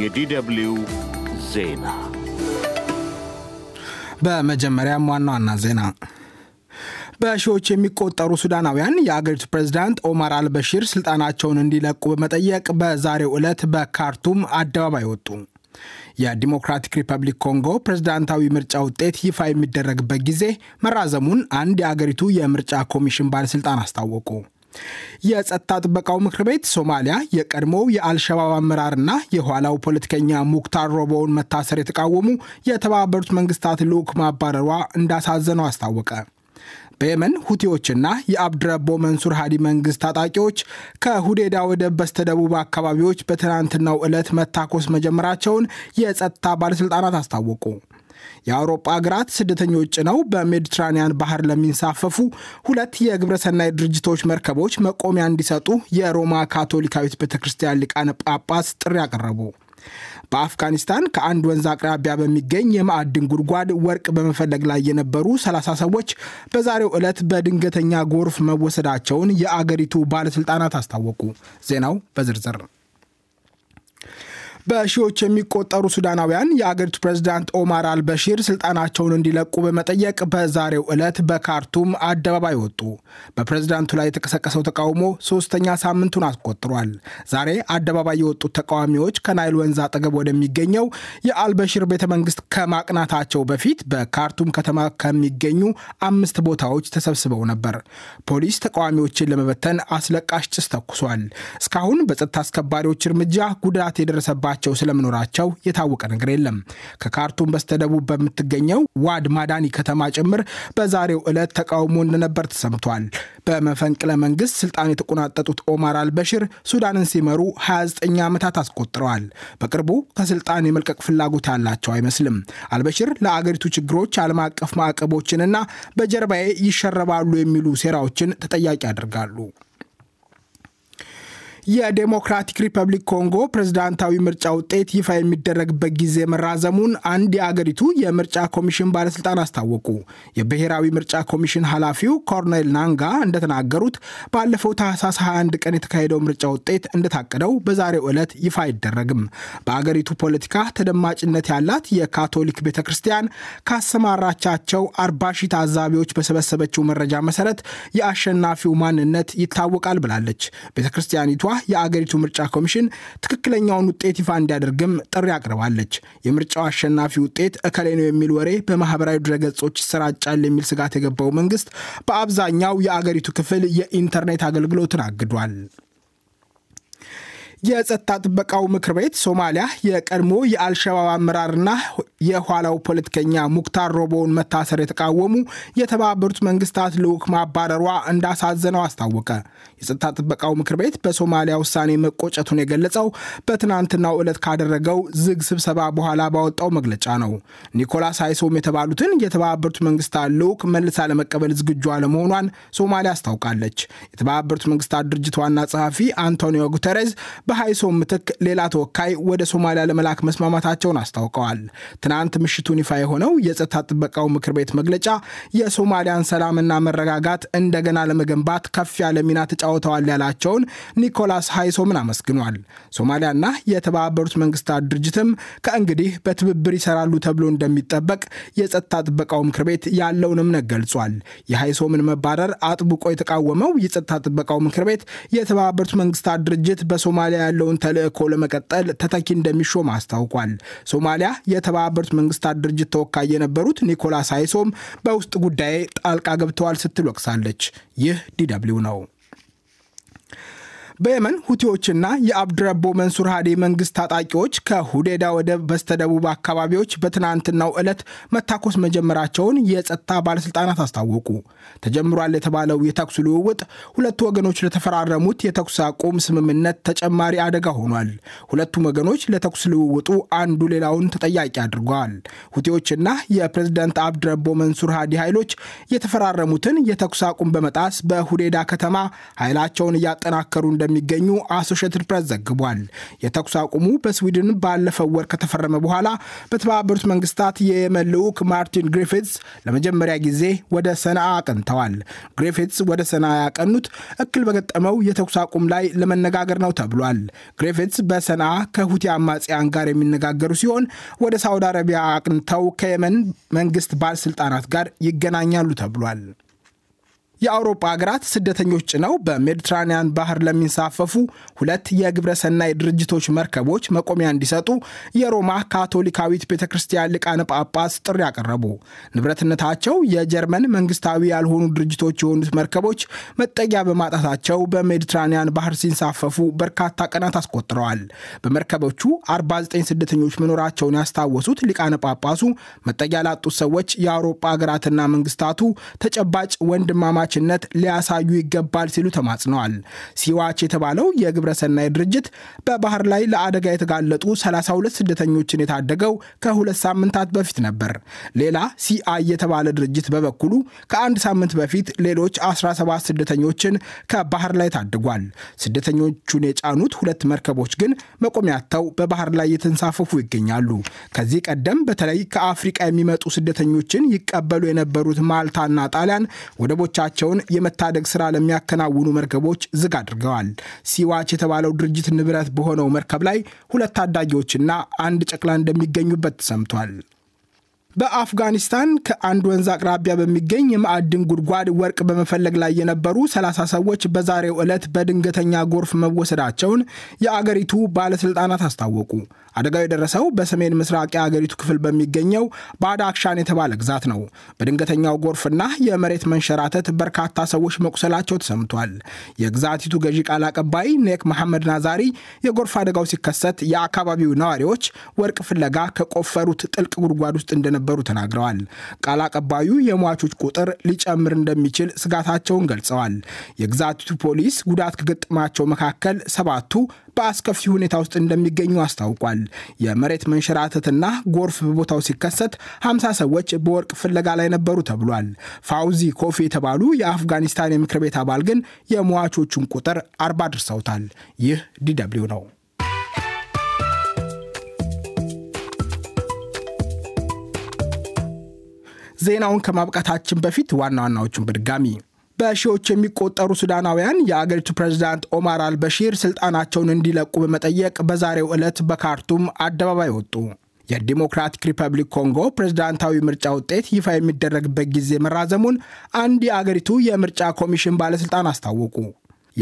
የዲደብልዩ ዜና በመጀመሪያም ዋና ዋና ዜና በሺዎች የሚቆጠሩ ሱዳናውያን የአገሪቱ ፕሬዝዳንት ኦማር አልበሺር ስልጣናቸውን እንዲለቁ በመጠየቅ በዛሬው ዕለት በካርቱም አደባባይ ወጡ። የዲሞክራቲክ ሪፐብሊክ ኮንጎ ፕሬዝዳንታዊ ምርጫ ውጤት ይፋ የሚደረግበት ጊዜ መራዘሙን አንድ የአገሪቱ የምርጫ ኮሚሽን ባለሥልጣን አስታወቁ። የጸጥታ ጥበቃው ምክር ቤት ሶማሊያ የቀድሞው የአልሸባብ አመራርና የኋላው ፖለቲከኛ ሙክታር ሮቦውን መታሰር የተቃወሙ የተባበሩት መንግስታት ልዑክ ማባረሯ እንዳሳዘነው አስታወቀ። በየመን ሁቲዎችና የአብድረቦ መንሱር ሃዲ መንግስት ታጣቂዎች ከሁዴዳ ወደብ በስተደቡብ አካባቢዎች በትናንትናው ዕለት መታኮስ መጀመራቸውን የጸጥታ ባለሥልጣናት አስታወቁ። የአውሮጳ ሀገራት ስደተኞች ጭነው በሜዲትራኒያን ባህር ለሚንሳፈፉ ሁለት የግብረሰናይ ድርጅቶች መርከቦች መቆሚያ እንዲሰጡ የሮማ ካቶሊካዊት ቤተ ክርስቲያን ሊቃነ ጳጳስ ጥሪ አቀረቡ። በአፍጋኒስታን ከአንድ ወንዝ አቅራቢያ በሚገኝ የማዕድን ጉድጓድ ወርቅ በመፈለግ ላይ የነበሩ 30 ሰዎች በዛሬው ዕለት በድንገተኛ ጎርፍ መወሰዳቸውን የአገሪቱ ባለሥልጣናት አስታወቁ። ዜናው በዝርዝር በሺዎች የሚቆጠሩ ሱዳናውያን የአገሪቱ ፕሬዝዳንት ኦማር አልበሺር ስልጣናቸውን እንዲለቁ በመጠየቅ በዛሬው ዕለት በካርቱም አደባባይ ወጡ። በፕሬዝዳንቱ ላይ የተቀሰቀሰው ተቃውሞ ሶስተኛ ሳምንቱን አስቆጥሯል። ዛሬ አደባባይ የወጡት ተቃዋሚዎች ከናይል ወንዝ አጠገብ ወደሚገኘው የአልበሺር ቤተ መንግስት ከማቅናታቸው በፊት በካርቱም ከተማ ከሚገኙ አምስት ቦታዎች ተሰብስበው ነበር። ፖሊስ ተቃዋሚዎችን ለመበተን አስለቃሽ ጭስ ተኩሷል። እስካሁን በጸጥታ አስከባሪዎች እርምጃ ጉዳት የደረሰባቸው በውስጣቸው ስለመኖራቸው የታወቀ ነገር የለም። ከካርቱም በስተደቡብ በምትገኘው ዋድ ማዳኒ ከተማ ጭምር በዛሬው ዕለት ተቃውሞ እንደነበር ተሰምቷል። በመፈንቅለ መንግስት ስልጣን የተቆናጠጡት ኦማር አልበሽር ሱዳንን ሲመሩ 29 ዓመታት አስቆጥረዋል። በቅርቡ ከስልጣን የመልቀቅ ፍላጎት ያላቸው አይመስልም። አልበሽር ለአገሪቱ ችግሮች ዓለም አቀፍ ማዕቀቦችንና በጀርባዬ ይሸረባሉ የሚሉ ሴራዎችን ተጠያቂ ያደርጋሉ። የዴሞክራቲክ ሪፐብሊክ ኮንጎ ፕሬዝዳንታዊ ምርጫ ውጤት ይፋ የሚደረግበት ጊዜ መራዘሙን አንድ የአገሪቱ የምርጫ ኮሚሽን ባለስልጣን አስታወቁ። የብሔራዊ ምርጫ ኮሚሽን ኃላፊው ኮርኔል ናንጋ እንደተናገሩት ባለፈው ታህሳስ 21 ቀን የተካሄደው ምርጫ ውጤት እንደታቀደው በዛሬው ዕለት ይፋ አይደረግም። በአገሪቱ ፖለቲካ ተደማጭነት ያላት የካቶሊክ ቤተ ክርስቲያን ካሰማራቻቸው 40 ሺህ ታዛቢዎች በሰበሰበችው መረጃ መሰረት የአሸናፊው ማንነት ይታወቃል ብላለች። ቤተ ክርስቲያኒቷ የአገሪቱ ምርጫ ኮሚሽን ትክክለኛውን ውጤት ይፋ እንዲያደርግም ጥሪ አቅርባለች። የምርጫው አሸናፊ ውጤት እከሌ ነው የሚል ወሬ በማህበራዊ ድረገጾች ይሰራጫል የሚል ስጋት የገባው መንግስት በአብዛኛው የአገሪቱ ክፍል የኢንተርኔት አገልግሎትን አግዷል። የጸጥታ ጥበቃው ምክር ቤት ሶማሊያ የቀድሞ የአልሸባብ አመራርና የኋላው ፖለቲከኛ ሙክታር ሮቦውን መታሰር የተቃወሙ የተባበሩት መንግስታት ልዑክ ማባረሯ እንዳሳዘነው አስታወቀ። የጸጥታ ጥበቃው ምክር ቤት በሶማሊያ ውሳኔ መቆጨቱን የገለጸው በትናንትናው ዕለት ካደረገው ዝግ ስብሰባ በኋላ ባወጣው መግለጫ ነው። ኒኮላስ አይሶም የተባሉትን የተባበሩት መንግስታት ልዑክ መልሳ ለመቀበል ዝግጁ አለመሆኗን ሶማሊያ አስታውቃለች። የተባበሩት መንግስታት ድርጅት ዋና ጸሐፊ አንቶኒዮ ጉተሬዝ በ በሃይሶም ምትክ ሌላ ተወካይ ወደ ሶማሊያ ለመላክ መስማማታቸውን አስታውቀዋል። ትናንት ምሽቱን ይፋ የሆነው የጸጥታ ጥበቃው ምክር ቤት መግለጫ የሶማሊያን ሰላምና መረጋጋት እንደገና ለመገንባት ከፍ ያለ ሚና ተጫውተዋል ያላቸውን ኒኮላስ ሃይሶምን አመስግኗል። ሶማሊያና የተባበሩት መንግስታት ድርጅትም ከእንግዲህ በትብብር ይሰራሉ ተብሎ እንደሚጠበቅ የጸጥታ ጥበቃው ምክር ቤት ያለውን እምነት ገልጿል። የሃይሶምን መባረር አጥብቆ የተቃወመው የጸጥታ ጥበቃው ምክር ቤት የተባበሩት መንግስታት ድርጅት በሶማሊያ ያለውን ተልእኮ ለመቀጠል ተተኪ እንደሚሾም አስታውቋል። ሶማሊያ የተባበሩት መንግስታት ድርጅት ተወካይ የነበሩት ኒኮላስ አይሶም በውስጥ ጉዳይ ጣልቃ ገብተዋል ስትል ወቅሳለች። ይህ ዲደብሊው ነው። በየመን ሁቲዎችና የአብድረቦ መንሱር ሃዴ መንግስት ታጣቂዎች ከሁዴዳ ወደብ በስተደቡብ አካባቢዎች በትናንትናው ዕለት መታኮስ መጀመራቸውን የጸጥታ ባለሥልጣናት አስታወቁ። ተጀምሯል የተባለው የተኩስ ልውውጥ ሁለቱ ወገኖች ለተፈራረሙት የተኩስ አቁም ስምምነት ተጨማሪ አደጋ ሆኗል። ሁለቱም ወገኖች ለተኩስ ልውውጡ አንዱ ሌላውን ተጠያቂ አድርገዋል። ሁቲዎችና የፕሬዝደንት አብድረቦ መንሱር ሃዲ ኃይሎች የተፈራረሙትን የተኩስ አቁም በመጣስ በሁዴዳ ከተማ ኃይላቸውን እያጠናከሩ እንደ እንደሚገኙ አሶሽትድ ፕሬስ ዘግቧል። የተኩስ አቁሙ በስዊድን ባለፈው ወር ከተፈረመ በኋላ በተባበሩት መንግስታት የየመን ልዑክ ማርቲን ግሪፊትስ ለመጀመሪያ ጊዜ ወደ ሰንዓ አቅንተዋል። ግሪፊትስ ወደ ሰንዓ ያቀኑት እክል በገጠመው የተኩስ አቁም ላይ ለመነጋገር ነው ተብሏል። ግሪፊትስ በሰንዓ ከሁቲ አማጽያን ጋር የሚነጋገሩ ሲሆን ወደ ሳውዲ አረቢያ አቅንተው ከየመን መንግስት ባለስልጣናት ጋር ይገናኛሉ ተብሏል። የአውሮፓ ሀገራት ስደተኞች ጭነው በሜዲትራኒያን ባህር ለሚንሳፈፉ ሁለት የግብረ ሰናይ ድርጅቶች መርከቦች መቆሚያ እንዲሰጡ የሮማ ካቶሊካዊት ቤተ ክርስቲያን ሊቃነ ጳጳስ ጥሪ አቀረቡ። ንብረትነታቸው የጀርመን መንግስታዊ ያልሆኑ ድርጅቶች የሆኑት መርከቦች መጠጊያ በማጣታቸው በሜዲትራኒያን ባህር ሲንሳፈፉ በርካታ ቀናት አስቆጥረዋል። በመርከቦቹ 49 ስደተኞች መኖራቸውን ያስታወሱት ሊቃነ ጳጳሱ መጠጊያ ላጡት ሰዎች የአውሮፓ ሀገራትና መንግስታቱ ተጨባጭ ወንድማማ አመቻችነት ሊያሳዩ ይገባል ሲሉ ተማጽነዋል። ሲዋች የተባለው የግብረሰናይ ድርጅት በባህር ላይ ለአደጋ የተጋለጡ 32 ስደተኞችን የታደገው ከሁለት ሳምንታት በፊት ነበር። ሌላ ሲአይ የተባለ ድርጅት በበኩሉ ከአንድ ሳምንት በፊት ሌሎች 17 ስደተኞችን ከባህር ላይ ታድጓል። ስደተኞቹን የጫኑት ሁለት መርከቦች ግን መቆሚያተው በባህር ላይ የተንሳፈፉ ይገኛሉ። ከዚህ ቀደም በተለይ ከአፍሪቃ የሚመጡ ስደተኞችን ይቀበሉ የነበሩት ማልታና ጣሊያን ወደቦቻቸው መርከባቸውን የመታደግ ስራ ለሚያከናውኑ መርከቦች ዝግ አድርገዋል። ሲዋች የተባለው ድርጅት ንብረት በሆነው መርከብ ላይ ሁለት ታዳጊዎችና አንድ ጨቅላ እንደሚገኙበት ተሰምቷል። በአፍጋኒስታን ከአንድ ወንዝ አቅራቢያ በሚገኝ የማዕድን ጉድጓድ ወርቅ በመፈለግ ላይ የነበሩ 30 ሰዎች በዛሬው ዕለት በድንገተኛ ጎርፍ መወሰዳቸውን የአገሪቱ ባለስልጣናት አስታወቁ። አደጋው የደረሰው በሰሜን ምስራቅ የአገሪቱ ክፍል በሚገኘው ባዳክሻን የተባለ ግዛት ነው። በድንገተኛው ጎርፍና የመሬት መንሸራተት በርካታ ሰዎች መቁሰላቸው ተሰምቷል። የግዛቲቱ ገዢ ቃል አቀባይ ኔክ መሐመድ ናዛሪ የጎርፍ አደጋው ሲከሰት የአካባቢው ነዋሪዎች ወርቅ ፍለጋ ከቆፈሩት ጥልቅ ጉድጓድ ውስጥ እንደነበ እንደነበሩ ተናግረዋል። ቃል አቀባዩ የሟቾች ቁጥር ሊጨምር እንደሚችል ስጋታቸውን ገልጸዋል። የግዛቱ ፖሊስ ጉዳት ከገጠማቸው መካከል ሰባቱ በአስከፊ ሁኔታ ውስጥ እንደሚገኙ አስታውቋል። የመሬት መንሸራተትና ጎርፍ በቦታው ሲከሰት 50 ሰዎች በወርቅ ፍለጋ ላይ ነበሩ ተብሏል። ፋውዚ ኮፊ የተባሉ የአፍጋኒስታን የምክር ቤት አባል ግን የሟቾቹን ቁጥር አርባ አድርሰውታል። ይህ ዲደብሊው ነው። ዜናውን ከማብቃታችን በፊት ዋና ዋናዎቹን በድጋሚ በሺዎች የሚቆጠሩ ሱዳናውያን የአገሪቱ ፕሬዝዳንት ኦማር አልበሺር ስልጣናቸውን እንዲለቁ በመጠየቅ በዛሬው ዕለት በካርቱም አደባባይ ወጡ። የዲሞክራቲክ ሪፐብሊክ ኮንጎ ፕሬዝዳንታዊ ምርጫ ውጤት ይፋ የሚደረግበት ጊዜ መራዘሙን አንድ የአገሪቱ የምርጫ ኮሚሽን ባለሥልጣን አስታወቁ።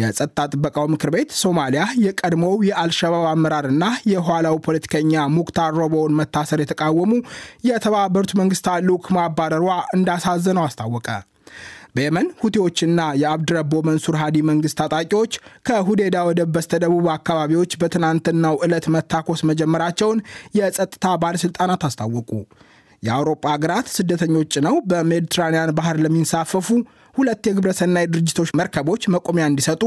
የጸጥታ ጥበቃው ምክር ቤት ሶማሊያ የቀድሞው የአልሸባብ አመራርና የኋላው ፖለቲከኛ ሙክታር ሮቦውን መታሰር የተቃወሙ የተባበሩት መንግስታት ልዑክ ማባረሯ እንዳሳዘነው አስታወቀ። በየመን ሁቲዎችና የአብድረቦ መንሱር ሃዲ መንግስት ታጣቂዎች ከሁዴዳ ወደብ በስተደቡብ አካባቢዎች በትናንትናው ዕለት መታኮስ መጀመራቸውን የጸጥታ ባለሥልጣናት አስታወቁ። የአውሮፓ ሀገራት ስደተኞች ጭነው በሜዲትራንያን ባህር ለሚንሳፈፉ ሁለት የግብረሰናይ ድርጅቶች መርከቦች መቆሚያ እንዲሰጡ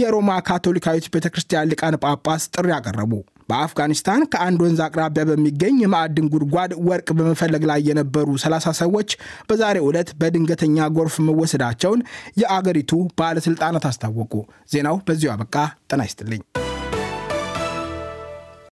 የሮማ ካቶሊካዊት ቤተ ክርስቲያን ሊቃነ ጳጳስ ጥሪ አቀረቡ። በአፍጋኒስታን ከአንድ ወንዝ አቅራቢያ በሚገኝ የማዕድን ጉድጓድ ወርቅ በመፈለግ ላይ የነበሩ 30 ሰዎች በዛሬ ዕለት በድንገተኛ ጎርፍ መወሰዳቸውን የአገሪቱ ባለሥልጣናት አስታወቁ። ዜናው በዚሁ አበቃ። ጤና ይስጥልኝ።